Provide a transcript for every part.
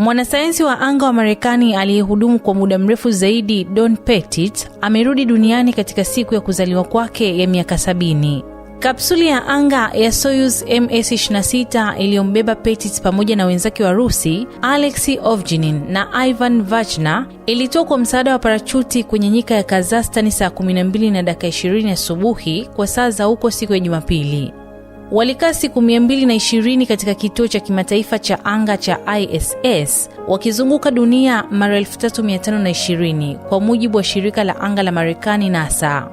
Mwanasayansi wa anga wa Marekani aliyehudumu kwa muda mrefu zaidi Don Pettit amerudi duniani katika siku ya kuzaliwa kwake ya miaka sabini. Kapsuli ya anga ya Soyuz MS-26 iliyombeba Pettit pamoja na wenzake wa Rusi alexi ovginin na Ivan Vachna ilitoa kwa msaada wa parachuti kwenye nyika ya Kazakhstan saa 12 na dakika 20 asubuhi kwa saa za huko siku ya Jumapili. Walikaa siku 220 katika kituo cha kimataifa cha anga cha ISS wakizunguka dunia mara 3520 kwa mujibu wa shirika la anga la Marekani NASA.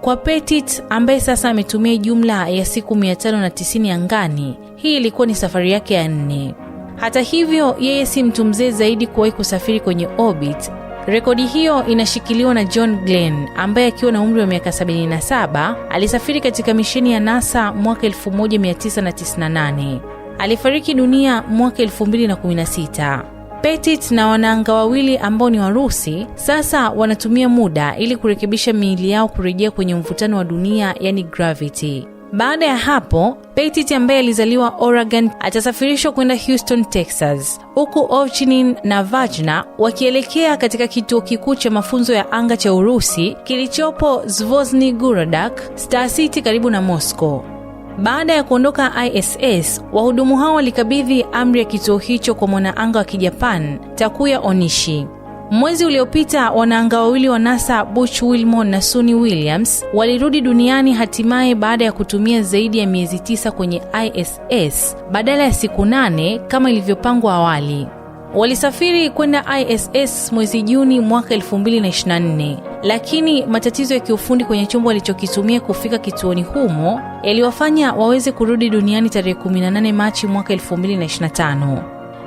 Kwa Petit ambaye sasa ametumia jumla ya siku 590 angani, hii ilikuwa ni safari yake ya nne. Hata hivyo, yeye si mtu mzee zaidi kuwahi kusafiri kwenye orbit Rekodi hiyo inashikiliwa na John Glenn ambaye akiwa na umri wa miaka 77 alisafiri katika misheni ya NASA mwaka 1998. Alifariki dunia mwaka 2016. Petit na wanaanga wawili ambao ni Warusi sasa wanatumia muda ili kurekebisha miili yao kurejea kwenye mvutano wa dunia, yani gravity. Baada ya hapo, Petit ambaye alizaliwa Oregon atasafirishwa kwenda Houston, Texas, huku Ovchinin na vajna wakielekea katika kituo kikuu cha mafunzo ya anga cha Urusi kilichopo Zvozny Gorodak, Star City karibu na Moscow. Baada ya kuondoka ISS, wahudumu hao walikabidhi amri ya kituo hicho kwa mwanaanga wa kijapan Takuya Onishi. Mwezi uliopita wanaanga wawili wa NASA Butch Wilmore na Suni Williams walirudi duniani hatimaye baada ya kutumia zaidi ya miezi tisa kwenye ISS badala ya siku nane kama ilivyopangwa awali. Walisafiri kwenda ISS mwezi Juni mwaka 2024, lakini matatizo ya kiufundi kwenye chombo walichokitumia kufika kituoni humo yaliwafanya waweze kurudi duniani tarehe 18 Machi mwaka 2025.